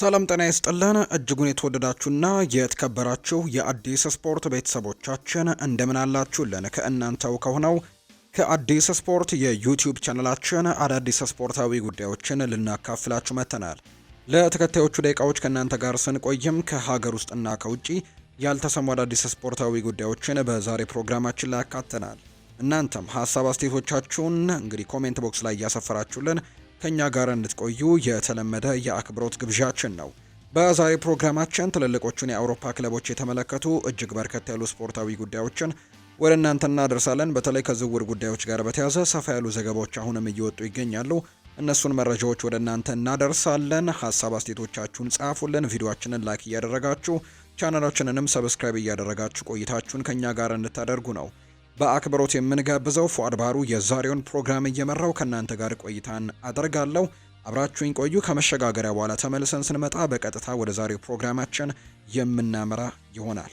ሰላም ጤና ይስጥልን እጅጉን የተወደዳችሁና የተከበራችሁ የአዲስ ስፖርት ቤተሰቦቻችን እንደምን አላችሁልን? ከእናንተው ከሆነው ከአዲስ ስፖርት የዩቲዩብ ቻነላችን አዳዲስ ስፖርታዊ ጉዳዮችን ልናካፍላችሁ መጥተናል። ለተከታዮቹ ደቂቃዎች ከእናንተ ጋር ስንቆይም ከሀገር ውስጥና ከውጭ ያልተሰሙ አዳዲስ ስፖርታዊ ጉዳዮችን በዛሬ ፕሮግራማችን ላይ ያካተናል። እናንተም ሀሳብ አስተያየቶቻችሁን እንግዲህ ኮሜንት ቦክስ ላይ እያሰፈራችሁልን ከእኛ ጋር እንድትቆዩ የተለመደ የአክብሮት ግብዣችን ነው። በዛሬ ፕሮግራማችን ትልልቆቹን የአውሮፓ ክለቦች የተመለከቱ እጅግ በርከት ያሉ ስፖርታዊ ጉዳዮችን ወደ እናንተ እናደርሳለን። በተለይ ከዝውውር ጉዳዮች ጋር በተያዘ ሰፋ ያሉ ዘገባዎች አሁንም እየወጡ ይገኛሉ። እነሱን መረጃዎች ወደ እናንተ እናደርሳለን። ሀሳብ አስቴቶቻችሁን ጻፉልን፣ ቪዲዮችንን ላይክ እያደረጋችሁ ቻናላችንንም ሰብስክራይብ እያደረጋችሁ ቆይታችሁን ከእኛ ጋር እንድታደርጉ ነው በአክብሮት የምንጋብዘው ፉአድ ባህሩ የዛሬውን ፕሮግራም እየመራው ከእናንተ ጋር ቆይታን አደርጋለሁ። አብራችሁኝ ቆዩ። ከመሸጋገሪያ በኋላ ተመልሰን ስንመጣ በቀጥታ ወደ ዛሬው ፕሮግራማችን የምናመራ ይሆናል።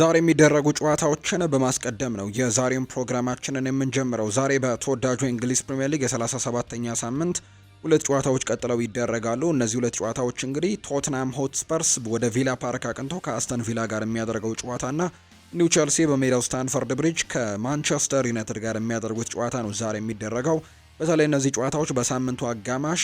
ዛሬ የሚደረጉ ጨዋታዎችን በማስቀደም ነው የዛሬውን ፕሮግራማችንን የምንጀምረው። ዛሬ በተወዳጁ የእንግሊዝ ፕሪምየር ሊግ የ37ኛ ሳምንት ሁለት ጨዋታዎች ቀጥለው ይደረጋሉ። እነዚህ ሁለት ጨዋታዎች እንግዲህ ቶትናም ሆትስፐርስ ወደ ቪላ ፓርክ አቅንቶ ከአስተን ቪላ ጋር የሚያደርገው ጨዋታና ኒው ቸልሲ በሜዳው ስታንፈርድ ብሪጅ ከማንቸስተር ዩናይትድ ጋር የሚያደርጉት ጨዋታ ነው ዛሬ የሚደረገው። በተለይ እነዚህ ጨዋታዎች በሳምንቱ አጋማሽ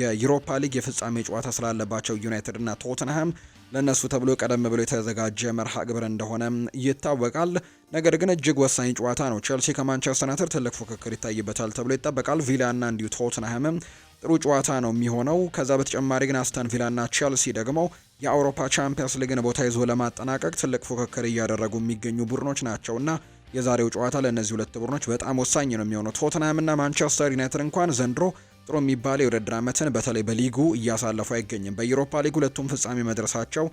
የዩሮፓ ሊግ የፍጻሜ ጨዋታ ስላለባቸው ዩናይትድ እና ቶትንሃም ለእነሱ ተብሎ ቀደም ብሎ የተዘጋጀ መርሃ ግብር እንደሆነ ይታወቃል። ነገር ግን እጅግ ወሳኝ ጨዋታ ነው። ቸልሲ ከማንቸስተር ዩናይትድ ትልቅ ፉክክር ይታይበታል ተብሎ ይጠበቃል። ቪላ እና እንዲሁ ቶትንሃምም ጥሩ ጨዋታ ነው የሚሆነው። ከዛ በተጨማሪ ግን አስተን ቪላና ቼልሲ ደግሞ የአውሮፓ ቻምፒየንስ ሊግን ቦታ ይዞ ለማጠናቀቅ ትልቅ ፉክክር እያደረጉ የሚገኙ ቡድኖች ናቸው እና የዛሬው ጨዋታ ለእነዚህ ሁለት ቡድኖች በጣም ወሳኝ ነው የሚሆነው። ቶትናምና ማንቸስተር ዩናይትድ እንኳን ዘንድሮ ጥሩ የሚባለው የውድድር ዓመትን በተለይ በሊጉ እያሳለፉ አይገኝም። በዩሮፓ ሊግ ሁለቱም ፍጻሜ መድረሳቸው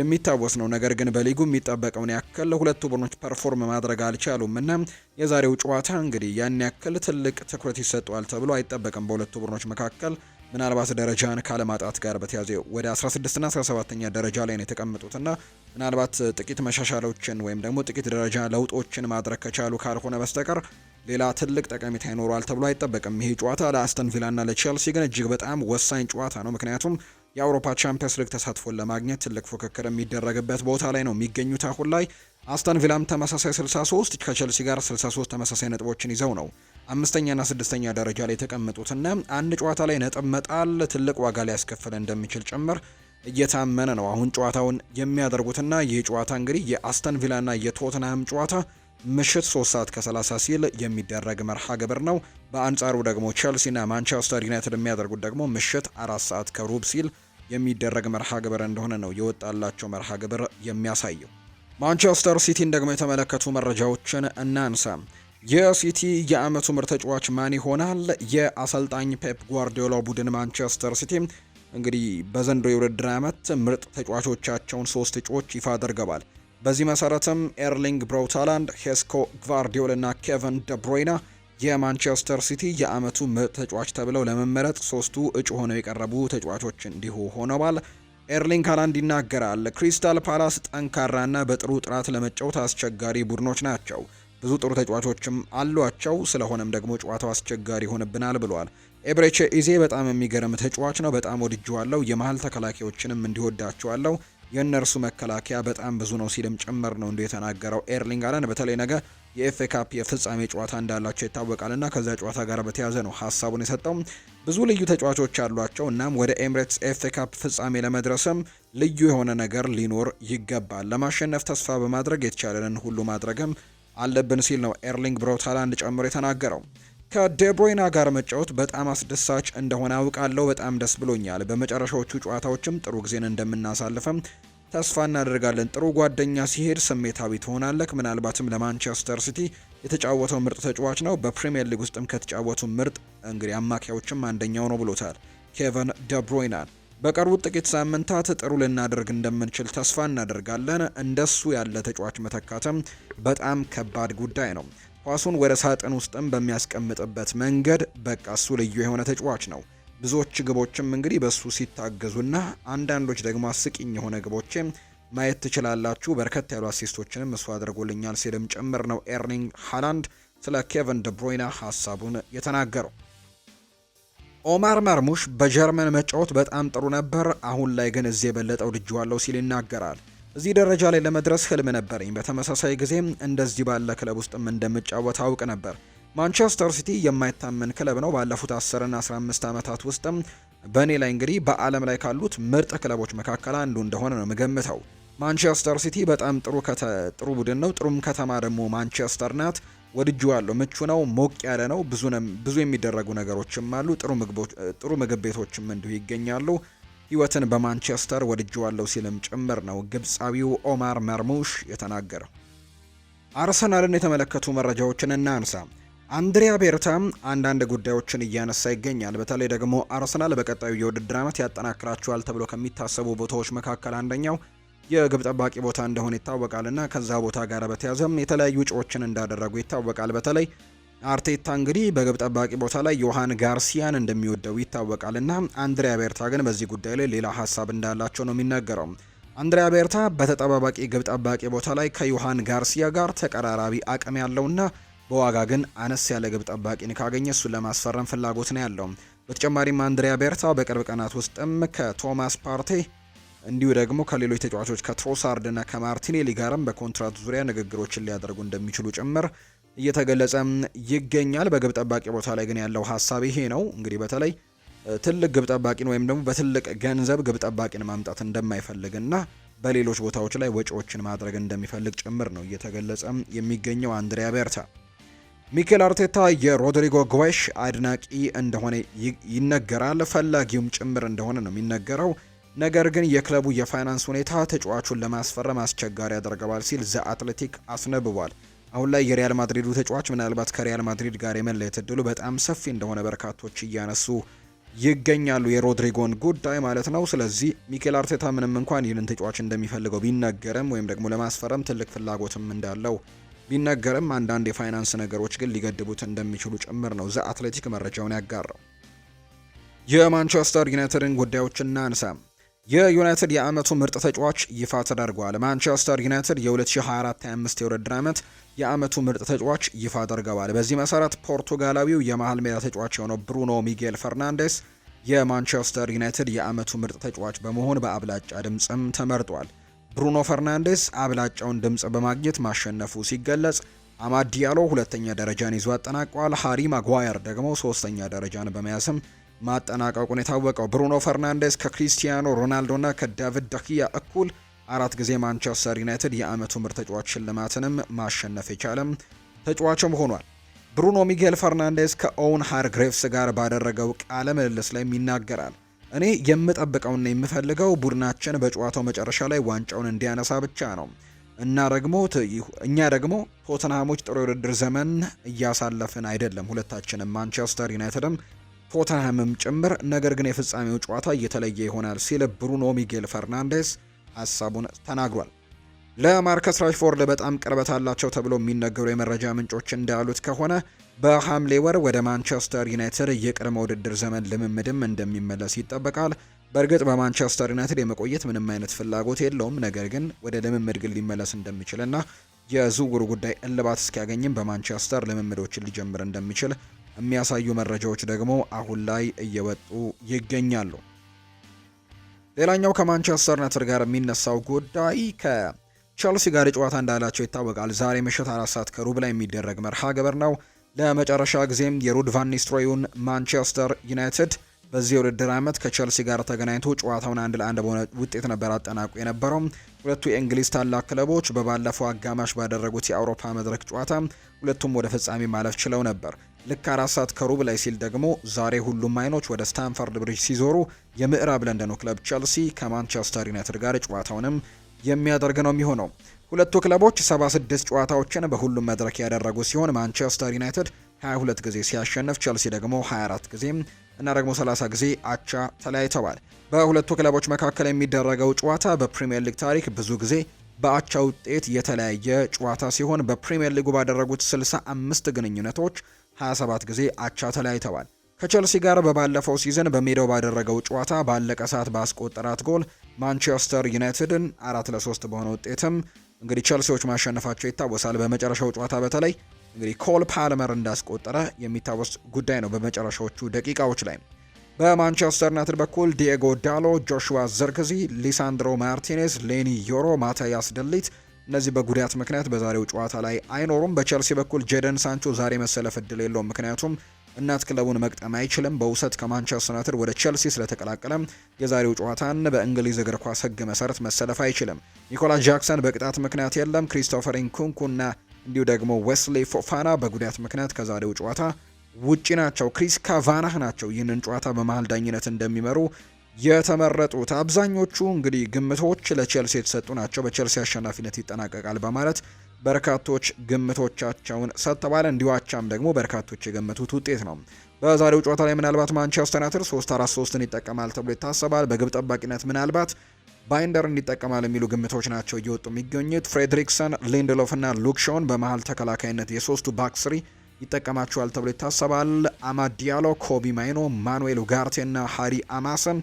የሚታወስ ነው። ነገር ግን በሊጉ የሚጠበቀውን ያክል ለሁለቱ ቡድኖች ፐርፎርም ማድረግ አልቻሉም እና የዛሬው ጨዋታ እንግዲህ ያን ያክል ትልቅ ትኩረት ይሰጠዋል ተብሎ አይጠበቅም። በሁለቱ ቡድኖች መካከል ምናልባት ደረጃን ካለማጣት ጋር በተያዘ ወደ 16ና 17ኛ ደረጃ ላይ ነው የተቀመጡትና ምናልባት ጥቂት መሻሻሎችን ወይም ደግሞ ጥቂት ደረጃ ለውጦችን ማድረግ ከቻሉ ካልሆነ በስተቀር ሌላ ትልቅ ጠቀሜታ ይኖረዋል ተብሎ አይጠበቅም። ይሄ ጨዋታ ለአስተን ቪላና ለቼልሲ ግን እጅግ በጣም ወሳኝ ጨዋታ ነው። ምክንያቱም የአውሮፓ ቻምፒየንስ ሊግ ተሳትፎን ለማግኘት ትልቅ ፉክክር የሚደረግበት ቦታ ላይ ነው የሚገኙት አሁን ላይ። አስተን ቪላም ተመሳሳይ 63 ከቸልሲ ጋር 63 ተመሳሳይ ነጥቦችን ይዘው ነው አምስተኛና ስድስተኛ ደረጃ ላይ የተቀመጡትና አንድ ጨዋታ ላይ ነጥብ መጣል ትልቅ ዋጋ ሊያስከፍል እንደሚችል ጭምር እየታመነ ነው አሁን ጨዋታውን የሚያደርጉትና ይህ ጨዋታ እንግዲህ የአስተን ቪላና የቶትናም ጨዋታ ምሽት 3 ሰዓት ከ30 ሲል የሚደረግ መርሃ ግብር ነው። በአንጻሩ ደግሞ ቸልሲና ማንቸስተር ዩናይትድ የሚያደርጉት ደግሞ ምሽት 4 ሰዓት ከሩብ ሲል የሚደረግ መርሃ ግብር እንደሆነ ነው የወጣላቸው መርሃ ግብር የሚያሳየው። ማንቸስተር ሲቲን ደግሞ የተመለከቱ መረጃዎችን እናንሳ። የሲቲ የአመቱ ምርጥ ተጫዋች ማን ይሆናል? የአሰልጣኝ ፔፕ ጓርዲዮላ ቡድን ማንቸስተር ሲቲ እንግዲህ በዘንድሮ የውድድር አመት ምርጥ ተጫዋቾቻቸውን ሶስት እጩዎች ይፋ አድርገዋል። በዚህ መሰረትም ኤርሊንግ ብሮውታላንድ፣ ሄስኮ ግቫርዲዮል እና ኬቨን ደብሮይና የማንቸስተር ሲቲ የአመቱ ምርጥ ተጫዋች ተብለው ለመመረጥ ሶስቱ እጩ ሆነው የቀረቡ ተጫዋቾች እንዲሁ ሆነዋል። ኤርሊንግ ሃላንድ ይናገራል። ክሪስታል ፓላስ ጠንካራና በጥሩ ጥራት ለመጫወት አስቸጋሪ ቡድኖች ናቸው። ብዙ ጥሩ ተጫዋቾችም አሏቸው። ስለሆነም ደግሞ ጨዋታው አስቸጋሪ ይሆንብናል ብሏል። ኤብሬቼ ኢዜ በጣም የሚገርም ተጫዋች ነው። በጣም ወድጀዋለሁ። የመሀል ተከላካዮችንም እንዲወዳቸዋለሁ። የእነርሱ መከላከያ በጣም ብዙ ነው ሲልም ጭምር ነው እንደ የተናገረው ኤርሊንግ አለን። በተለይ ነገ የኤፍኤ ካፕ የፍጻሜ ጨዋታ እንዳላቸው ይታወቃልና ከዚያ ጨዋታ ጋር በተያያዘ ነው ሀሳቡን የሰጠው። ብዙ ልዩ ተጫዋቾች አሏቸው። እናም ወደ ኤምሬትስ ኤፍኤ ካፕ ፍጻሜ ለመድረስም ልዩ የሆነ ነገር ሊኖር ይገባል። ለማሸነፍ ተስፋ በማድረግ የተቻለንን ሁሉ ማድረግም አለብን ሲል ነው ኤርሊንግ ብሮት ሃላንድ ጨምሮ የተናገረው። ከደብሮይና ጋር መጫወት በጣም አስደሳች እንደሆነ አውቃለሁ። በጣም ደስ ብሎኛል። በመጨረሻዎቹ ጨዋታዎችም ጥሩ ጊዜን እንደምናሳልፈም ተስፋ እናደርጋለን። ጥሩ ጓደኛ ሲሄድ ስሜታዊ ትሆናለህ። ምናልባትም ለማንቸስተር ሲቲ የተጫወተው ምርጥ ተጫዋች ነው። በፕሪምየር ሊግ ውስጥም ከተጫወቱ ምርጥ እንግዲህ አማካዮችም አንደኛው ነው ብሎታል ኬቨን ደብሮይናን። በቀሩት ጥቂት ሳምንታት ጥሩ ልናደርግ እንደምንችል ተስፋ እናደርጋለን። እንደሱ ያለ ተጫዋች መተካተም በጣም ከባድ ጉዳይ ነው። ኳሱን ወደ ሳጥን ውስጥም በሚያስቀምጥበት መንገድ በቃ እሱ ልዩ የሆነ ተጫዋች ነው። ብዙዎች ግቦችም እንግዲህ በእሱ ሲታገዙና አንዳንዶች ደግሞ አስቂኝ የሆነ ግቦችም ማየት ትችላላችሁ። በርከት ያሉ አሲስቶችንም እሱ አድርጎልኛል ሲልም ጭምር ነው ኤርሊንግ ሃላንድ ስለ ኬቨን ደብሮይና ሀሳቡን የተናገረው። ኦማር መርሙሽ በጀርመን መጫወት በጣም ጥሩ ነበር፣ አሁን ላይ ግን እዚህ የበለጠው ልጅ ሲል ይናገራል። እዚህ ደረጃ ላይ ለመድረስ ህልም ነበረኝ። በተመሳሳይ ጊዜም እንደዚህ ባለ ክለብ ውስጥም እንደምጫወት አውቅ ነበር። ማንቸስተር ሲቲ የማይታመን ክለብ ነው። ባለፉት 10ና 15 ዓመታት ውስጥም በእኔ ላይ እንግዲህ በዓለም ላይ ካሉት ምርጥ ክለቦች መካከል አንዱ እንደሆነ ነው የምገምተው። ማንቸስተር ሲቲ በጣም ጥሩ ጥሩ ቡድን ነው። ጥሩም ከተማ ደግሞ ማንቸስተር ናት። ወድጄዋለሁ። ምቹ ነው፣ ሞቅ ያለ ነው። ብዙ ብዙ የሚደረጉ ነገሮችም አሉ። ጥሩ ምግብ ቤቶችም እንዲሁ ይገኛሉ። ህይወትን በማንቸስተር ወድጄዋለሁ ሲልም ጭምር ነው ግብፃዊው ኦማር መርሙሽ የተናገረው። አርሰናልን የተመለከቱ መረጃዎችን እናንሳ። አንድሪያ ቤርታም አንዳንድ ጉዳዮችን እያነሳ ይገኛል። በተለይ ደግሞ አርሰናል በቀጣዩ የውድድር ዓመት ያጠናክራቸዋል ተብሎ ከሚታሰቡ ቦታዎች መካከል አንደኛው የግብ ጠባቂ ቦታ እንደሆነ ይታወቃል እና ከዛ ቦታ ጋር በተያዘም የተለያዩ ውጪዎችን እንዳደረጉ ይታወቃል። በተለይ አርቴታ እንግዲህ በግብ ጠባቂ ቦታ ላይ ዮሐን ጋርሲያን እንደሚወደው ይታወቃል እና አንድሪያ ቤርታ ግን በዚህ ጉዳይ ላይ ሌላ ሀሳብ እንዳላቸው ነው የሚነገረው። አንድሪያ ቤርታ በተጠባባቂ ግብ ጠባቂ ቦታ ላይ ከዮሐን ጋርሲያ ጋር ተቀራራቢ አቅም ያለውና በዋጋ ግን አነስ ያለ ግብ ጠባቂን ካገኘ እሱን ለማስፈረም ፍላጎት ነው ያለው። በተጨማሪም አንድሪያ ቤርታ በቅርብ ቀናት ውስጥም ከቶማስ ፓርቴ እንዲሁ ደግሞ ከሌሎች ተጫዋቾች ከትሮሳርድ እና ከማርቲኔሊ ጋርም በኮንትራት ዙሪያ ንግግሮችን ሊያደርጉ እንደሚችሉ ጭምር እየተገለጸም ይገኛል። በግብ ጠባቂ ቦታ ላይ ግን ያለው ሀሳብ ይሄ ነው። እንግዲህ በተለይ ትልቅ ግብ ጠባቂን ወይም ደግሞ በትልቅ ገንዘብ ግብ ጠባቂን ማምጣት እንደማይፈልግና በሌሎች ቦታዎች ላይ ወጪዎችን ማድረግ እንደሚፈልግ ጭምር ነው እየተገለጸ የሚገኘው አንድሪያ ቤርታ። ሚኬል አርቴታ የሮድሪጎ ጓሽ አድናቂ እንደሆነ ይነገራል፣ ፈላጊውም ጭምር እንደሆነ ነው የሚነገረው። ነገር ግን የክለቡ የፋይናንስ ሁኔታ ተጫዋቹን ለማስፈረም አስቸጋሪ ያደርገዋል ሲል ዘ አትሌቲክ አስነብቧል። አሁን ላይ የሪያል ማድሪዱ ተጫዋች ምናልባት ከሪያል ማድሪድ ጋር የመለየት እድሉ በጣም ሰፊ እንደሆነ በርካቶች እያነሱ ይገኛሉ። የሮድሪጎን ጉዳይ ማለት ነው። ስለዚህ ሚኬል አርቴታ ምንም እንኳን ይህንን ተጫዋች እንደሚፈልገው ቢነገርም ወይም ደግሞ ለማስፈረም ትልቅ ፍላጎትም እንዳለው ቢነገርም አንዳንድ የፋይናንስ ነገሮች ግን ሊገድቡት እንደሚችሉ ጭምር ነው ዘ አትሌቲክ መረጃውን ያጋራው። የማንቸስተር ዩናይትድን ጉዳዮች እናንሳ። የዩናይትድ የአመቱ ምርጥ ተጫዋች ይፋ ተደርጓል። ማንቸስተር ዩናይትድ የ2024/25 የውድድር ዓመት የአመቱ ምርጥ ተጫዋች ይፋ አድርገዋል። በዚህ መሰረት ፖርቱጋላዊው የመሀል ሜዳ ተጫዋች የሆነው ብሩኖ ሚጌል ፈርናንዴስ የማንቸስተር ዩናይትድ የአመቱ ምርጥ ተጫዋች በመሆን በአብላጫ ድምፅም ተመርጧል። ብሩኖ ፈርናንዴስ አብላጫውን ድምፅ በማግኘት ማሸነፉ ሲገለጽ፣ አማድ ዲያሎ ሁለተኛ ደረጃን ይዞ አጠናቋል። ሃሪ ማጓየር ደግሞ ሶስተኛ ደረጃን በመያዝም ማጠናቀቁን የታወቀው ብሩኖ ፈርናንዴስ ከክሪስቲያኖ ሮናልዶና ከዳቪድ ደኪያ እኩል አራት ጊዜ ማንቸስተር ዩናይትድ የአመቱ ምርጥ ተጫዋች ሽልማትንም ማሸነፍ የቻለም ተጫዋችም ሆኗል። ብሩኖ ሚጌል ፈርናንዴስ ከኦውን ሃርግሬቭስ ጋር ባደረገው ቃለ ምልልስ ላይም ይናገራል። እኔ የምጠብቀውና የምፈልገው ቡድናችን በጨዋታው መጨረሻ ላይ ዋንጫውን እንዲያነሳ ብቻ ነው እና ደግሞ እኛ ደግሞ ቶተንሃሞች ጥሩ የውድድር ዘመን እያሳለፍን አይደለም። ሁለታችንም ማንቸስተር ዩናይትድም ቶተንሃምም ጭምር ነገር ግን የፍጻሜው ጨዋታ እየተለየ ይሆናል ሲል ብሩኖ ሚጌል ፈርናንዴስ ሀሳቡን ተናግሯል። ለማርከስ ራሽፎርድ በጣም ቅርበት አላቸው ተብሎ የሚነገሩ የመረጃ ምንጮች እንዳሉት ከሆነ በሐምሌ ወር ወደ ማንቸስተር ዩናይትድ የቅድመ ውድድር ዘመን ልምምድም እንደሚመለስ ይጠበቃል። በእርግጥ በማንቸስተር ዩናይትድ የመቆየት ምንም አይነት ፍላጎት የለውም። ነገር ግን ወደ ልምምድ ግን ሊመለስ እንደሚችልና የዝውውሩ ጉዳይ እልባት እስኪያገኝም በማንቸስተር ልምምዶችን ሊጀምር እንደሚችል የሚያሳዩ መረጃዎች ደግሞ አሁን ላይ እየወጡ ይገኛሉ። ሌላኛው ከማንቸስተር ዩናይትድ ጋር የሚነሳው ጉዳይ ከቼልሲ ጋር ጨዋታ እንዳላቸው ይታወቃል። ዛሬ ምሽት አራት ሰዓት ከሩብ ላይ የሚደረግ መርሃ ግብር ነው። ለመጨረሻ ጊዜም የሩድ ቫን ኒስትሮዩን ማንቸስተር ዩናይትድ በዚህ የውድድር ዓመት ከቼልሲ ጋር ተገናኝቶ ጨዋታውን አንድ ለአንድ በሆነ ውጤት ነበር አጠናቁ የነበረው። ሁለቱ የእንግሊዝ ታላቅ ክለቦች በባለፈው አጋማሽ ባደረጉት የአውሮፓ መድረክ ጨዋታ ሁለቱም ወደ ፍጻሜ ማለፍ ችለው ነበር። ልክ አራት ሰዓት ከሩብ ላይ ሲል ደግሞ ዛሬ ሁሉም አይኖች ወደ ስታንፈርድ ብሪጅ ሲዞሩ የምዕራብ ለንደኑ ክለብ ቸልሲ ከማንቸስተር ዩናይትድ ጋር ጨዋታውንም የሚያደርግ ነው የሚሆነው። ሁለቱ ክለቦች 76 ጨዋታዎችን በሁሉም መድረክ ያደረጉ ሲሆን ማንቸስተር ዩናይትድ 22 ጊዜ ሲያሸንፍ ቸልሲ ደግሞ 24 ጊዜ እና ደግሞ 30 ጊዜ አቻ ተለያይተዋል። በሁለቱ ክለቦች መካከል የሚደረገው ጨዋታ በፕሪምየር ሊግ ታሪክ ብዙ ጊዜ በአቻ ውጤት የተለያየ ጨዋታ ሲሆን በፕሪምየር ሊጉ ባደረጉት 65 ግንኙነቶች 27 ጊዜ አቻ ተለያይተዋል። ከቸልሲ ጋር በባለፈው ሲዝን በሜዳው ባደረገው ጨዋታ ባለቀ ሰዓት ባስቆጠራት ጎል ማንቸስተር ዩናይትድን አራት ለሶስት በሆነ ውጤትም እንግዲህ ቸልሲዎች ማሸነፋቸው ይታወሳል። በመጨረሻው ጨዋታ በተለይ እንግዲህ ኮል ፓልመር እንዳስቆጠረ የሚታወስ ጉዳይ ነው። በመጨረሻዎቹ ደቂቃዎች ላይ በማንቸስተር ዩናይትድ በኩል ዲኤጎ ዳሎ፣ ጆሹዋ ዘርክዚ፣ ሊሳንድሮ ማርቲኔዝ፣ ሌኒ ዮሮ፣ ማታያስ ደሊት እነዚህ በጉዳት ምክንያት በዛሬው ጨዋታ ላይ አይኖሩም። በቸልሲ በኩል ጄደን ሳንቾ ዛሬ መሰለፍ እድል የለውም፣ ምክንያቱም እናት ክለቡን መቅጠም አይችልም። በውሰት ከማንቸስተር ዩናይትድ ወደ ቸልሲ ስለተቀላቀለ የዛሬው ጨዋታን በእንግሊዝ እግር ኳስ ሕግ መሰረት መሰለፍ አይችልም። ኒኮላስ ጃክሰን በቅጣት ምክንያት የለም። ክሪስቶፈር እና እንዲሁ ደግሞ ዌስሊ ፎፋና በጉዳት ምክንያት ከዛሬው ጨዋታ ውጪ ናቸው። ክሪስ ካቫናህ ናቸው ይህንን ጨዋታ በመሀል ዳኝነት እንደሚመሩ የተመረጡት አብዛኞቹ እንግዲህ ግምቶች ለቼልሲ የተሰጡ ናቸው። በቼልሲ አሸናፊነት ይጠናቀቃል በማለት በርካቶች ግምቶቻቸውን ሰጥተዋል። እንዲሁ ደግሞ በርካቶች የገመቱት ውጤት ነው። በዛሬው ጨዋታ ላይ ምናልባት ማንቸስተር ዩናይትድ 3 4 3ን ይጠቀማል ተብሎ ይታሰባል። በግብ ጠባቂነት ምናልባት ባይንደርን ይጠቀማል የሚሉ ግምቶች ናቸው እየወጡ የሚገኙት። ፍሬድሪክሰን፣ ሊንድሎፍ እና ሉክሾን በመሀል ተከላካይነት የሶስቱ ባክስሪ ይጠቀማቸዋል ተብሎ ይታሰባል። አማዲያሎ፣ ኮቢ ማይኖ፣ ማኑኤል ኡጋርቴ እና ሃሪ አማሰን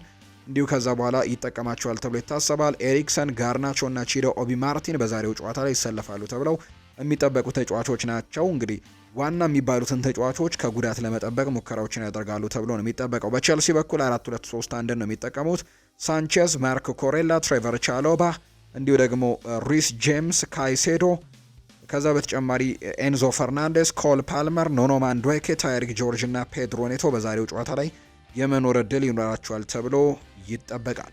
እንዲሁ ከዛ በኋላ ይጠቀማቸዋል ተብሎ ይታሰባል። ኤሪክሰን፣ ጋርናቾ እና ቺዶ ኦቢ ማርቲን በዛሬው ጨዋታ ላይ ይሰለፋሉ ተብለው የሚጠበቁ ተጫዋቾች ናቸው። እንግዲህ ዋና የሚባሉትን ተጫዋቾች ከጉዳት ለመጠበቅ ሙከራዎችን ያደርጋሉ ተብሎ ነው የሚጠበቀው። በቼልሲ በኩል አራት ሁለት ሶስት አንድን ነው የሚጠቀሙት። ሳንቼዝ፣ ማርክ ኮሬላ፣ ትሬቨር ቻሎባ እንዲሁ ደግሞ ሪስ ጄምስ፣ ካይሴዶ ከዛ በተጨማሪ ኤንዞ ፈርናንዴስ፣ ኮል ፓልመር፣ ኖኖ ማንዱዌኬ፣ ታይሪክ ጆርጅ እና ፔድሮ ኔቶ በዛሬው ጨዋታ ላይ የመኖር እድል ይኖራቸዋል ተብሎ ይጠበቃል።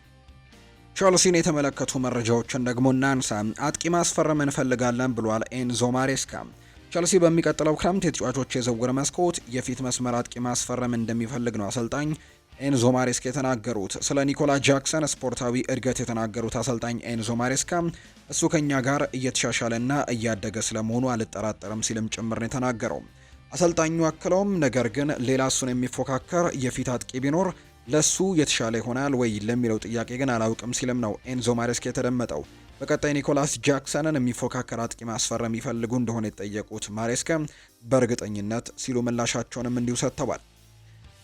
ቸልሲን የተመለከቱ መረጃዎችን ደግሞ እናንሳ። አጥቂ ማስፈረም እንፈልጋለን ብሏል ኤንዞ ማሬስካ። ቸልሲ በሚቀጥለው ክረምት የተጫዋቾች የዝውውር መስኮት የፊት መስመር አጥቂ ማስፈረም እንደሚፈልግ ነው አሰልጣኝ ኤንዞ ማሬስካ የተናገሩት። ስለ ኒኮላ ጃክሰን ስፖርታዊ እድገት የተናገሩት አሰልጣኝ ኤንዞ ማሬስካ እሱ ከኛ ጋር እየተሻሻለና እያደገ ስለመሆኑ አልጠራጠርም ሲልም ጭምር ነው የተናገረው። አሰልጣኙ አክለውም ነገር ግን ሌላ እሱን የሚፎካከር የፊት አጥቂ ቢኖር ለሱ የተሻለ ይሆናል ወይ ለሚለው ጥያቄ ግን አላውቅም ሲልም ነው ኤንዞ ማሬስካ የተደመጠው። በቀጣይ ኒኮላስ ጃክሰንን የሚፎካከር አጥቂ ማስፈር የሚፈልጉ እንደሆነ የጠየቁት ማሬስካ በእርግጠኝነት ሲሉ ምላሻቸውንም እንዲሁ ሰጥተዋል።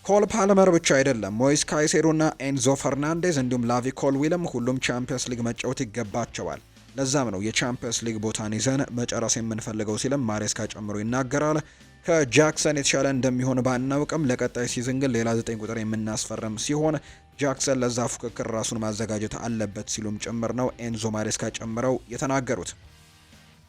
ኮል ፓልመር ብቻ አይደለም ሞይስ ካይሴዶና ኤንዞ ፈርናንዴዝ እንዲሁም ላቪ ኮልዊልም ሁሉም ቻምፒየንስ ሊግ መጫወት ይገባቸዋል። ለዛም ነው የቻምፒየንስ ሊግ ቦታን ይዘን መጨረስ የምንፈልገው ሲልም ማሬስካ ጨምሮ ይናገራል። ከጃክሰን የተሻለ እንደሚሆን ባናውቅም ለቀጣይ ሲዝን ግን ሌላ ዘጠኝ ቁጥር የምናስፈርም ሲሆን ጃክሰን ለዛ ፉክክር ራሱን ማዘጋጀት አለበት ሲሉም ጭምር ነው ኤንዞ ማሬስካ ጨምረው የተናገሩት።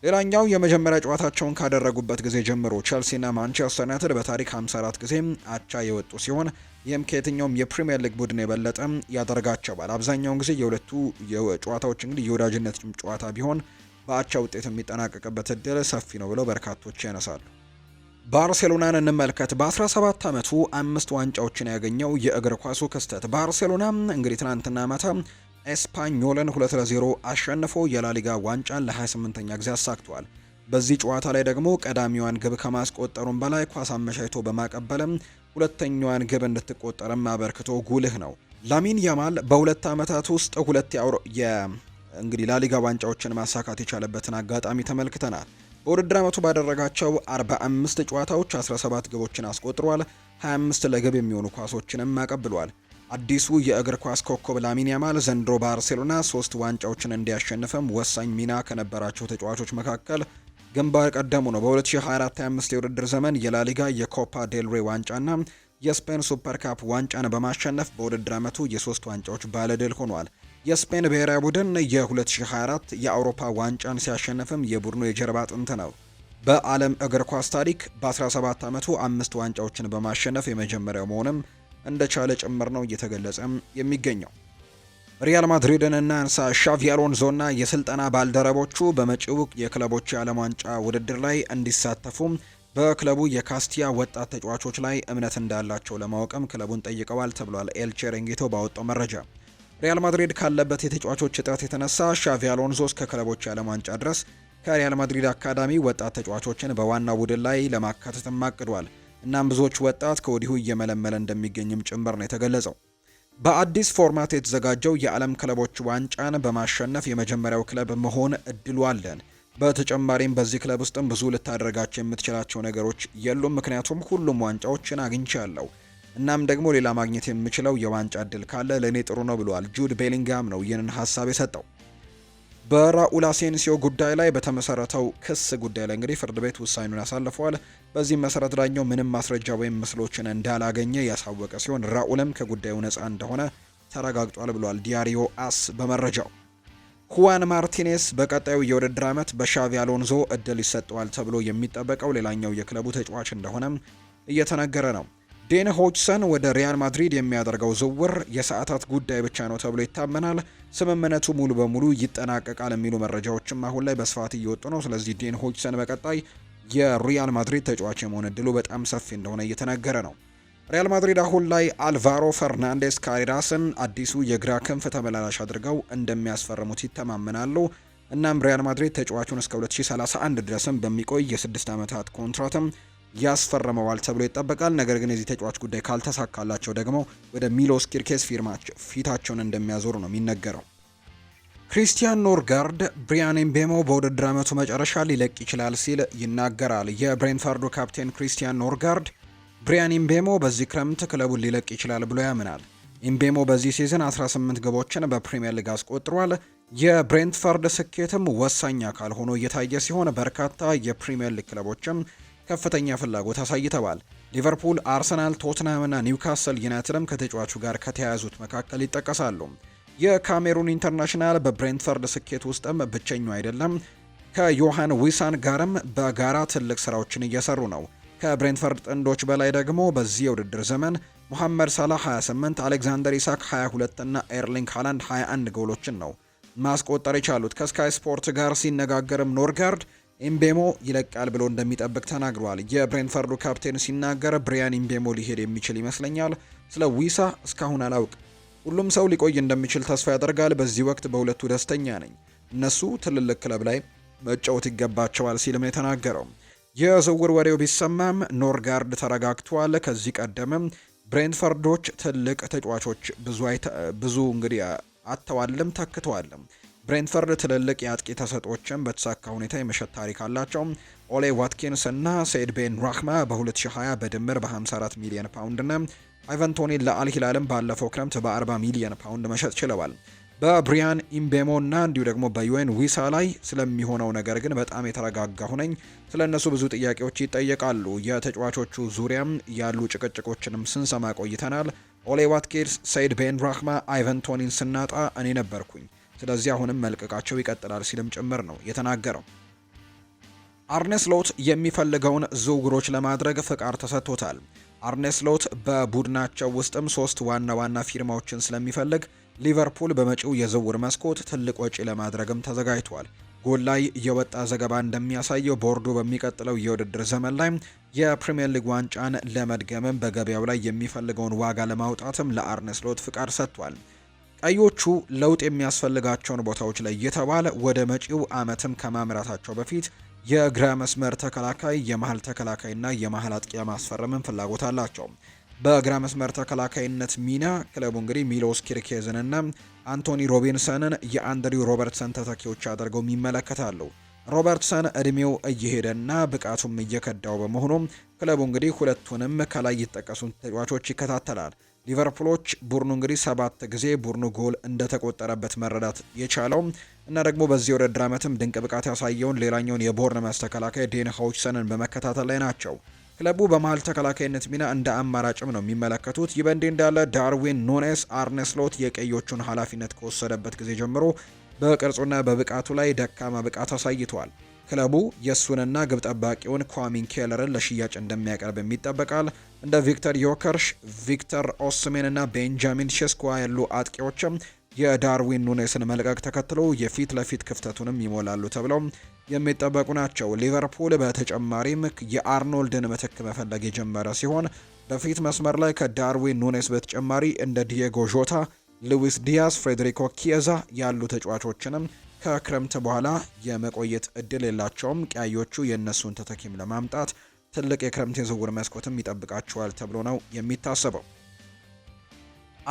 ሌላኛው የመጀመሪያ ጨዋታቸውን ካደረጉበት ጊዜ ጀምሮ ቸልሲና ማንቸስተር ዩናይትድ በታሪክ 54 ጊዜ አቻ የወጡ ሲሆን ይህም ከየትኛውም የፕሪምየር ሊግ ቡድን የበለጠ ያደርጋቸዋል። አብዛኛውን ጊዜ የሁለቱ ጨዋታዎች እንግዲህ የወዳጅነት ጨዋታ ቢሆን በአቻ ውጤት የሚጠናቀቅበት እድል ሰፊ ነው ብለው በርካቶች ያነሳሉ። ባርሴሎናን እንመልከት። በ17 ዓመቱ አምስት ዋንጫዎችን ያገኘው የእግር ኳሱ ክስተት ባርሴሎና እንግዲህ ትናንትና ማታ ኤስፓኞልን 2 ለ0 አሸንፎ የላሊጋ ዋንጫን ለ28ኛ ጊዜ አሳክቷል። በዚህ ጨዋታ ላይ ደግሞ ቀዳሚዋን ግብ ከማስቆጠሩም በላይ ኳስ አመሻይቶ በማቀበልም ሁለተኛዋን ግብ እንድትቆጠርም አበርክቶ ጉልህ ነው። ላሚን ያማል በሁለት ዓመታት ውስጥ ሁለት የእንግዲህ ላሊጋ ዋንጫዎችን ማሳካት የቻለበትን አጋጣሚ ተመልክተናል። በውድድር ዓመቱ ባደረጋቸው 45 ጨዋታዎች 17 ግቦችን አስቆጥሯል። 25 ለግብ የሚሆኑ ኳሶችንም አቀብሏል። አዲሱ የእግር ኳስ ኮከብ ላሚን ያማል ዘንድሮ ባርሴሎና ሶስት ዋንጫዎችን እንዲያሸንፍም ወሳኝ ሚና ከነበራቸው ተጫዋቾች መካከል ግንባር ቀደሙ ነው። በ2024/25 የውድድር ዘመን የላሊጋ የኮፓ ዴልሬ ዋንጫና የስፔን ሱፐር ካፕ ዋንጫን በማሸነፍ በውድድር ዓመቱ የሶስት ዋንጫዎች ባለድል ሆኗል። የስፔን ብሔራዊ ቡድን የ2024 የአውሮፓ ዋንጫን ሲያሸንፍም የቡድኑ የጀርባ አጥንት ነው። በዓለም እግር ኳስ ታሪክ በ17 ዓመቱ አምስት ዋንጫዎችን በማሸነፍ የመጀመሪያው መሆንም እንደቻለ ጭምር ነው እየተገለጸም የሚገኘው። ሪያል ማድሪድን እና አንሳ ሻቪ አሎንሶና የስልጠና ባልደረቦቹ በመጪው የክለቦች የዓለም ዋንጫ ውድድር ላይ እንዲሳተፉ በክለቡ የካስቲያ ወጣት ተጫዋቾች ላይ እምነት እንዳላቸው ለማወቅም ክለቡን ጠይቀዋል ተብሏል። ኤል ቼሬንጌቶ ባወጣው መረጃ ሪያል ማድሪድ ካለበት የተጫዋቾች እጥረት የተነሳ ሻቪ አሎንሶ እስከ ክለቦች የዓለም ዋንጫ ድረስ ከሪያል ማድሪድ አካዳሚ ወጣት ተጫዋቾችን በዋና ቡድን ላይ ለማካተትም አቅዷል። እናም ብዙዎች ወጣት ከወዲሁ እየመለመለ እንደሚገኝም ጭምር ነው የተገለጸው። በአዲስ ፎርማት የተዘጋጀው የዓለም ክለቦች ዋንጫን በማሸነፍ የመጀመሪያው ክለብ መሆን እድሉ አለን። በተጨማሪም በዚህ ክለብ ውስጥም ብዙ ልታደርጋቸው የምትችላቸው ነገሮች የሉም፣ ምክንያቱም ሁሉም ዋንጫዎችን አግኝቻለሁ እናም ደግሞ ሌላ ማግኘት የምችለው የዋንጫ እድል ካለ ለእኔ ጥሩ ነው ብለዋል። ጁድ ቤሊንጋም ነው ይህንን ሀሳብ የሰጠው። በራኡል አሴንሲዮ ጉዳይ ላይ በተመሰረተው ክስ ጉዳይ ላይ እንግዲህ ፍርድ ቤት ውሳኔውን ያሳልፈዋል። በዚህም መሰረት ዳኛው ምንም ማስረጃ ወይም ምስሎችን እንዳላገኘ ያሳወቀ ሲሆን ራኡልም ከጉዳዩ ነፃ እንደሆነ ተረጋግጧል ብሏል ዲያሪዮ አስ በመረጃው። ሁዋን ማርቲኔስ በቀጣዩ የውድድር ዓመት በሻቪ አሎንዞ እድል ይሰጠዋል ተብሎ የሚጠበቀው ሌላኛው የክለቡ ተጫዋች እንደሆነም እየተነገረ ነው። ዴን ሆችሰን ወደ ሪያል ማድሪድ የሚያደርገው ዝውውር የሰዓታት ጉዳይ ብቻ ነው ተብሎ ይታመናል። ስምምነቱ ሙሉ በሙሉ ይጠናቀቃል የሚሉ መረጃዎችም አሁን ላይ በስፋት እየወጡ ነው። ስለዚህ ዴን ሆችሰን በቀጣይ የሪያል ማድሪድ ተጫዋች የመሆን እድሉ በጣም ሰፊ እንደሆነ እየተነገረ ነው። ሪያል ማድሪድ አሁን ላይ አልቫሮ ፈርናንዴስ ካሪራስን አዲሱ የግራ ክንፍ ተመላላሽ አድርገው እንደሚያስፈርሙት ይተማመናሉ። እናም ሪያል ማድሪድ ተጫዋቹን እስከ 2031 ድረስም በሚቆይ የስድስት ዓመታት ኮንትራትም ያስፈርመዋል ተብሎ ይጠበቃል። ነገር ግን የዚህ ተጫዋች ጉዳይ ካልተሳካላቸው ደግሞ ወደ ሚሎስ ኪርኬስ ፊርማቸው ፊታቸውን እንደሚያዞሩ ነው የሚነገረው። ክሪስቲያን ኖርጋርድ ብሪያን ኤምቤሞ በውድድር ዓመቱ መጨረሻ ሊለቅ ይችላል ሲል ይናገራል። የብሬንፋርዶ ካፕቴን ክሪስቲያን ኖርጋርድ ብሪያን ኤምቤሞ በዚህ ክረምት ክለቡን ሊለቅ ይችላል ብሎ ያምናል። ኤምቤሞ በዚህ ሲዝን 18 ግቦችን በፕሪምየር ሊግ አስቆጥሯል። የብሬንትፈርድ ስኬትም ወሳኝ አካል ሆኖ እየታየ ሲሆን በርካታ የፕሪምየር ሊግ ክለቦችም ከፍተኛ ፍላጎት አሳይተዋል። ሊቨርፑል፣ አርሰናል፣ ቶትናም እና ኒውካስል ዩናይትድም ከተጫዋቹ ጋር ከተያያዙት መካከል ይጠቀሳሉ። የካሜሩን ኢንተርናሽናል በብሬንትፈርድ ስኬት ውስጥም ብቸኛው አይደለም። ከዮሐን ዊሳን ጋርም በጋራ ትልቅ ስራዎችን እየሰሩ ነው። ከብሬንትፈርድ ጥንዶች በላይ ደግሞ በዚህ የውድድር ዘመን ሙሐመድ ሳላህ 28፣ አሌክዛንደር ኢሳክ 22 እና ኤርሊንግ ሃላንድ 21 ጎሎችን ነው ማስቆጠር የቻሉት። ከስካይ ስፖርት ጋር ሲነጋገርም ኖርጋርድ ኢምቤሞ ይለቃል ብሎ እንደሚጠብቅ ተናግሯል። የብሬንፈርዱ ካፕቴን ሲናገር ብሪያን ኢምቤሞ ሊሄድ የሚችል ይመስለኛል። ስለ ዊሳ እስካሁን አላውቅ። ሁሉም ሰው ሊቆይ እንደሚችል ተስፋ ያደርጋል። በዚህ ወቅት በሁለቱ ደስተኛ ነኝ። እነሱ ትልልቅ ክለብ ላይ መጫወት ይገባቸዋል ሲልም የተናገረው። የዝውውር ወሬው ቢሰማም ኖርጋርድ ተረጋግቷል። ከዚህ ቀደምም ብሬንፈርዶች ትልቅ ተጫዋቾች ብዙ እንግዲህ አጥተዋልም ተክተዋልም ብሬንፈርድ ትልልቅ የአጥቂ ተሰጦችን በተሳካ ሁኔታ የመሸጥ ታሪክ አላቸው። ኦሌ ዋትኪንስ እና ሰይድ ቤን ራህማ በ2020 በድምር በ54 ሚሊዮን ፓውንድ ና አይቨንቶኒን ለአልሂላልም ባለፈው ክረምት በ40 ሚሊዮን ፓውንድ መሸጥ ችለዋል። በብሪያን ኢምቤሞ እና እንዲሁ ደግሞ በዩኤን ዊሳ ላይ ስለሚሆነው ነገር ግን በጣም የተረጋጋ ሁነኝ። ስለ እነሱ ብዙ ጥያቄዎች ይጠየቃሉ። የተጫዋቾቹ ዙሪያም ያሉ ጭቅጭቆችንም ስንሰማ ቆይተናል። ኦሌ ዋትኪንስ፣ ሰይድ ቤን ራህማ፣ አይቨን ቶኒን ስናጣ እኔ ነበርኩኝ። ስለዚህ አሁንም መልቀቃቸው ይቀጥላል ሲልም ጭምር ነው የተናገረው። አርኔስ ሎት የሚፈልገውን ዝውውሮች ለማድረግ ፍቃድ ተሰጥቶታል። አርኔስ ሎት በቡድናቸው ውስጥም ሶስት ዋና ዋና ፊርማዎችን ስለሚፈልግ ሊቨርፑል በመጪው የዝውውር መስኮት ትልቅ ወጪ ለማድረግም ተዘጋጅቷል። ጎል ላይ የወጣ ዘገባ እንደሚያሳየው ቦርዱ በሚቀጥለው የውድድር ዘመን ላይ የፕሪምየር ሊግ ዋንጫን ለመድገምም በገበያው ላይ የሚፈልገውን ዋጋ ለማውጣትም ለአርኔ ስሎት ፍቃድ ሰጥቷል። ቀዮቹ ለውጥ የሚያስፈልጋቸውን ቦታዎች ላይ እየተባለ ወደ መጪው ዓመትም ከማምራታቸው በፊት የእግረ መስመር ተከላካይ፣ የመሀል ተከላካይና የመሀል አጥቂ ማስፈረምን ፍላጎት አላቸው። በግራ መስመር ተከላካይነት ሚና ክለቡ እንግዲህ ሚሎስ ኪርኬዝንና አንቶኒ ሮቢንሰንን የአንድሪው ሮበርትሰን ተተኪዎች አድርገው ይመለከታሉ። ሮበርትሰን እድሜው እየሄደና ብቃቱም እየከዳው በመሆኑ ክለቡ እንግዲህ ሁለቱንም ከላይ የተጠቀሱን ተጫዋቾች ይከታተላል። ሊቨርፑሎች ቡድኑ እንግዲህ ሰባት ጊዜ ቡድኑ ጎል እንደተቆጠረበት መረዳት የቻለው እና ደግሞ በዚህ ውድድር ዓመትም ድንቅ ብቃት ያሳየውን ሌላኛውን የቦርን ተከላካይ ዴን ሆውችሰንን በመከታተል ላይ ናቸው። ክለቡ በመሀል ተከላካይነት ሚና እንደ አማራጭም ነው የሚመለከቱት። ይህ በእንዲህ እንዳለ ዳርዊን ኑኔስ አርነ የቀዮቹን ኃላፊነት ከወሰደበት ጊዜ ጀምሮ በቅርጹና በብቃቱ ላይ ደካማ ብቃት አሳይቷል። ክለቡ የእሱንና ግብ ጠባቂውን ኳሚን ኬለርን ለሽያጭ እንደሚያቀርብ ይጠበቃል። እንደ ቪክተር ዮከርሽ፣ ቪክተር ኦስሜን እና ቤንጃሚን ሼስኮ ያሉ አጥቂዎችም የዳርዊን ኑኔስን መልቀቅ ተከትሎ የፊት ለፊት ክፍተቱንም ይሞላሉ ተብለው የሚጠበቁ ናቸው። ሊቨርፑል በተጨማሪም የአርኖልድን ምትክ መፈለግ የጀመረ ሲሆን በፊት መስመር ላይ ከዳርዊን ኑኔስ በተጨማሪ እንደ ዲየጎ ዦታ፣ ሉዊስ ዲያስ፣ ፍሬድሪኮ ኪየዛ ያሉ ተጫዋቾችንም ከክረምት በኋላ የመቆየት እድል የላቸውም። ቀያዮቹ የእነሱን ተተኪም ለማምጣት ትልቅ የክረምት የዝውውር መስኮትም ይጠብቃቸዋል ተብሎ ነው የሚታሰበው።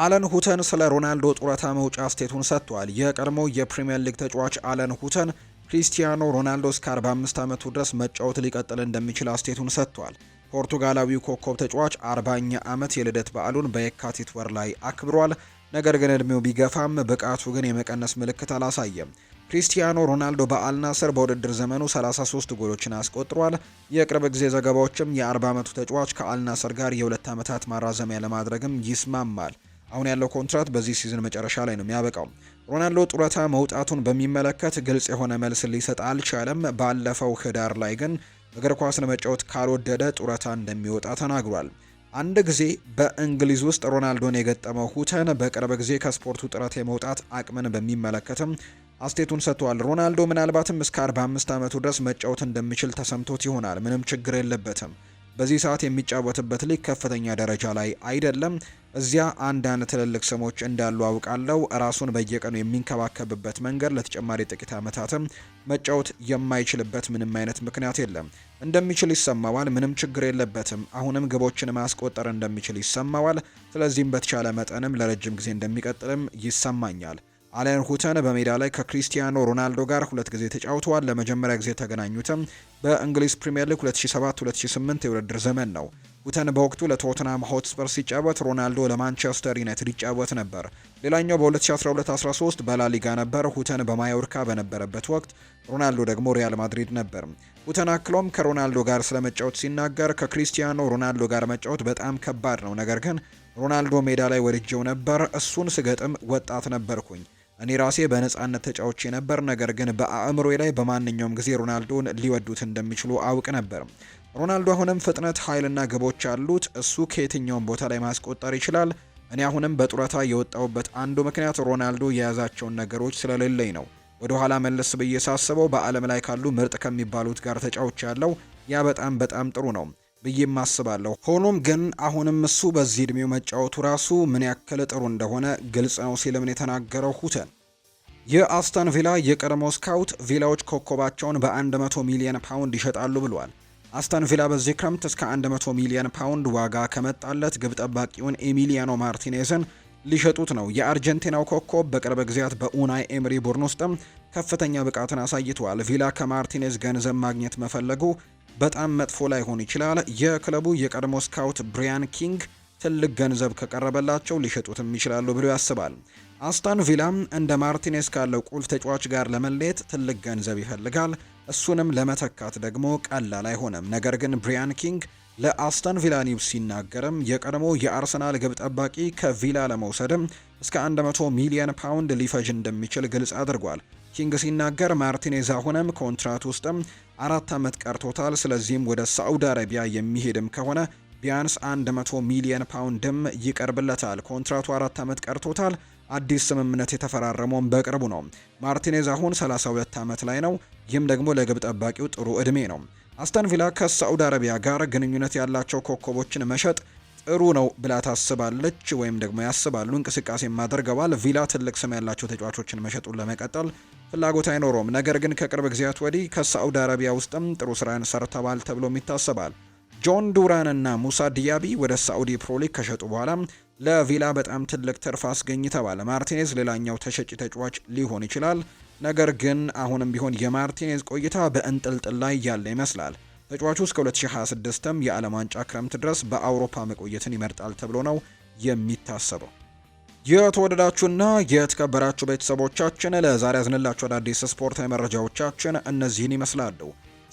አለን ሁተን ስለ ሮናልዶ ጡረታ መውጫ አስቴቱን ሰጥቷል። የቀድሞው የፕሪምየር ሊግ ተጫዋች አለን ሁተን ክሪስቲያኖ ሮናልዶ እስከ 45 ዓመቱ ድረስ መጫወት ሊቀጥል እንደሚችል አስቴቱን ሰጥቷል። ፖርቱጋላዊው ኮከብ ተጫዋች 40ኛ ዓመት የልደት በዓሉን በየካቲት ወር ላይ አክብሯል። ነገር ግን እድሜው ቢገፋም ብቃቱ ግን የመቀነስ ምልክት አላሳየም። ክሪስቲያኖ ሮናልዶ በአልናስር በውድድር ዘመኑ 33 ጎሎችን አስቆጥሯል። የቅርብ ጊዜ ዘገባዎችም የ40 ዓመቱ ተጫዋች ከአልናስር ጋር የሁለት ዓመታት ማራዘሚያ ለማድረግም ይስማማል። አሁን ያለው ኮንትራት በዚህ ሲዝን መጨረሻ ላይ ነው የሚያበቃው። ሮናልዶ ጡረታ መውጣቱን በሚመለከት ግልጽ የሆነ መልስ ሊሰጥ አልቻለም። ባለፈው ህዳር ላይ ግን እግር ኳስ ለመጫወት ካልወደደ ጡረታ እንደሚወጣ ተናግሯል። አንድ ጊዜ በእንግሊዝ ውስጥ ሮናልዶን የገጠመው ሁተን በቅርብ ጊዜ ከስፖርቱ ጥረት የመውጣት አቅምን በሚመለከትም አስቴቱን ሰጥቷል። ሮናልዶ ምናልባትም እስከ 45 ዓመቱ ድረስ መጫወት እንደሚችል ተሰምቶት ይሆናል። ምንም ችግር የለበትም። በዚህ ሰዓት የሚጫወትበት ሊግ ከፍተኛ ደረጃ ላይ አይደለም። እዚያ አንዳንድ ትልልቅ ስሞች እንዳሉ አውቃለሁ። ራሱን በየቀኑ የሚንከባከብበት መንገድ ለተጨማሪ ጥቂት ዓመታትም መጫወት የማይችልበት ምንም አይነት ምክንያት የለም። እንደሚችል ይሰማዋል። ምንም ችግር የለበትም። አሁንም ግቦችን ማስቆጠር እንደሚችል ይሰማዋል። ስለዚህም በተቻለ መጠንም ለረጅም ጊዜ እንደሚቀጥልም ይሰማኛል። አለን ሁተን በሜዳ ላይ ከክሪስቲያኖ ሮናልዶ ጋር ሁለት ጊዜ ተጫውተዋል። ለመጀመሪያ ጊዜ ተገናኙትም በእንግሊዝ ፕሪምየር ሊግ 2007-2008 የውድድር ዘመን ነው። ሁተን በወቅቱ ለቶትናም ሆትስፐር ሲጫወት፣ ሮናልዶ ለማንቸስተር ዩናይትድ ይጫወት ነበር። ሌላኛው በ2012-13 በላሊጋ ነበር። ሁተን በማዮርካ በነበረበት ወቅት ሮናልዶ ደግሞ ሪያል ማድሪድ ነበር። ሁተን አክሎም ከሮናልዶ ጋር ስለመጫወት ሲናገር ከክሪስቲያኖ ሮናልዶ ጋር መጫወት በጣም ከባድ ነው፣ ነገር ግን ሮናልዶ ሜዳ ላይ ወድጀው ነበር። እሱን ስገጥም ወጣት ነበርኩኝ እኔ ራሴ በነጻነት ተጫዋች ነበር፣ ነገር ግን በአእምሮ ላይ በማንኛውም ጊዜ ሮናልዶን ሊወዱት እንደሚችሉ አውቅ ነበር። ሮናልዶ አሁንም ፍጥነት፣ ኃይልና ግቦች አሉት። እሱ ከየትኛውም ቦታ ላይ ማስቆጠር ይችላል። እኔ አሁንም በጡረታ የወጣሁበት አንዱ ምክንያት ሮናልዶ የያዛቸውን ነገሮች ስለሌለኝ ነው። ወደ ኋላ መለስ ብዬ ሳስበው በዓለም ላይ ካሉ ምርጥ ከሚባሉት ጋር ተጫውቻለሁ። ያ በጣም በጣም ጥሩ ነው። ብዬም አስባለሁ። ሆኖም ግን አሁንም እሱ በዚህ እድሜው መጫወቱ ራሱ ምን ያክል ጥሩ እንደሆነ ግልጽ ነው ሲልም የተናገረው ሁተን። የአስተን ቪላ የቀድሞ ስካውት ቪላዎች ኮከባቸውን በ100 ሚሊዮን ፓውንድ ይሸጣሉ ብሏል። አስተን ቪላ በዚህ ክረምት እስከ 100 ሚሊዮን ፓውንድ ዋጋ ከመጣለት ግብ ጠባቂውን ኤሚሊያኖ ማርቲኔዝን ሊሸጡት ነው። የአርጀንቲናው ኮከብ በቅርብ ጊዜያት በኡናይ ኤምሪ ቡድን ውስጥም ከፍተኛ ብቃትን አሳይቷል። ቪላ ከማርቲኔዝ ገንዘብ ማግኘት መፈለጉ በጣም መጥፎ ላይሆን ይችላል። የክለቡ የቀድሞ ስካውት ብሪያን ኪንግ ትልቅ ገንዘብ ከቀረበላቸው ሊሸጡትም ይችላሉ ብሎ ያስባል። አስታን ቪላም እንደ ማርቲኔስ ካለው ቁልፍ ተጫዋች ጋር ለመለየት ትልቅ ገንዘብ ይፈልጋል። እሱንም ለመተካት ደግሞ ቀላል አይሆንም። ነገር ግን ብሪያን ኪንግ ለአስተን ቪላ ኒውስ ሲናገርም የቀድሞ የአርሰናል ግብ ጠባቂ ከቪላ ለመውሰድም እስከ 100 ሚሊዮን ፓውንድ ሊፈጅ እንደሚችል ግልጽ አድርጓል። ኪንግ ሲናገር ማርቲኔዝ አሁንም ኮንትራት ውስጥም አራት ዓመት ቀርቶታል። ስለዚህም ወደ ሳዑዲ አረቢያ የሚሄድም ከሆነ ቢያንስ 100 ሚሊዮን ፓውንድም ይቀርብለታል። ኮንትራቱ አራት ዓመት ቀርቶታል። አዲስ ስምምነት የተፈራረመውን በቅርቡ ነው። ማርቲኔዝ አሁን 32 ዓመት ላይ ነው። ይህም ደግሞ ለግብ ጠባቂው ጥሩ ዕድሜ ነው። አስተን ቪላ ከሳዑዲ አረቢያ ጋር ግንኙነት ያላቸው ኮከቦችን መሸጥ ጥሩ ነው ብላ ታስባለች፣ ወይም ደግሞ ያስባሉ፣ እንቅስቃሴ ማድርገዋል። ቪላ ትልቅ ስም ያላቸው ተጫዋቾችን መሸጡን ለመቀጠል ፍላጎት አይኖረውም። ነገር ግን ከቅርብ ጊዜያት ወዲህ ከሳዑዲ አረቢያ ውስጥም ጥሩ ስራን ሰርተዋል ተብሎም ይታሰባል። ጆን ዱራን እና ሙሳ ዲያቢ ወደ ሳዑዲ ፕሮሊግ ከሸጡ በኋላ ለቪላ በጣም ትልቅ ትርፍ ተባለ። ማርቲኔዝ ሌላኛው ተሸጪ ተጫዋች ሊሆን ይችላል። ነገር ግን አሁንም ቢሆን የማርቲኔዝ ቆይታ በእንጥልጥል ላይ ያለ ይመስላል። ተጫዋቹ እስከ 2026ም የዓለም ዋንጫ ክረምት ድረስ በአውሮፓ መቆየትን ይመርጣል ተብሎ ነው የሚታሰበው። የተወደዳችሁና የተከበራችሁ ቤተሰቦቻችን ለዛሬ ያዝንላችሁ አዳዲስ ስፖርታዊ መረጃዎቻችን እነዚህን ይመስላሉ።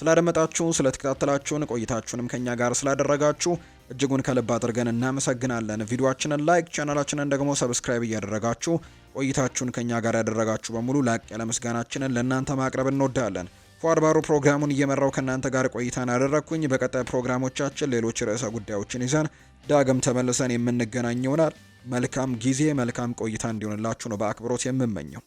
ስላደመጣችሁን፣ ስለተከታተላችሁን ቆይታችሁንም ከኛ ጋር ስላደረጋችሁ እጅጉን ከልብ አድርገን እናመሰግናለን። ቪዲዮችንን ላይክ፣ ቻናላችንን ደግሞ ሰብስክራይብ እያደረጋችሁ ቆይታችሁን ከኛ ጋር ያደረጋችሁ በሙሉ ላቅ ያለ ምስጋናችንን ለእናንተ ማቅረብ እንወዳለን። ፏርባሩ ፕሮግራሙን እየመራው ከእናንተ ጋር ቆይታን አደረግኩኝ። በቀጣይ ፕሮግራሞቻችን ሌሎች ርዕሰ ጉዳዮችን ይዘን ዳግም ተመልሰን የምንገናኝ ይሆናል። መልካም ጊዜ፣ መልካም ቆይታ እንዲሆንላችሁ ነው በአክብሮት የምመኘው።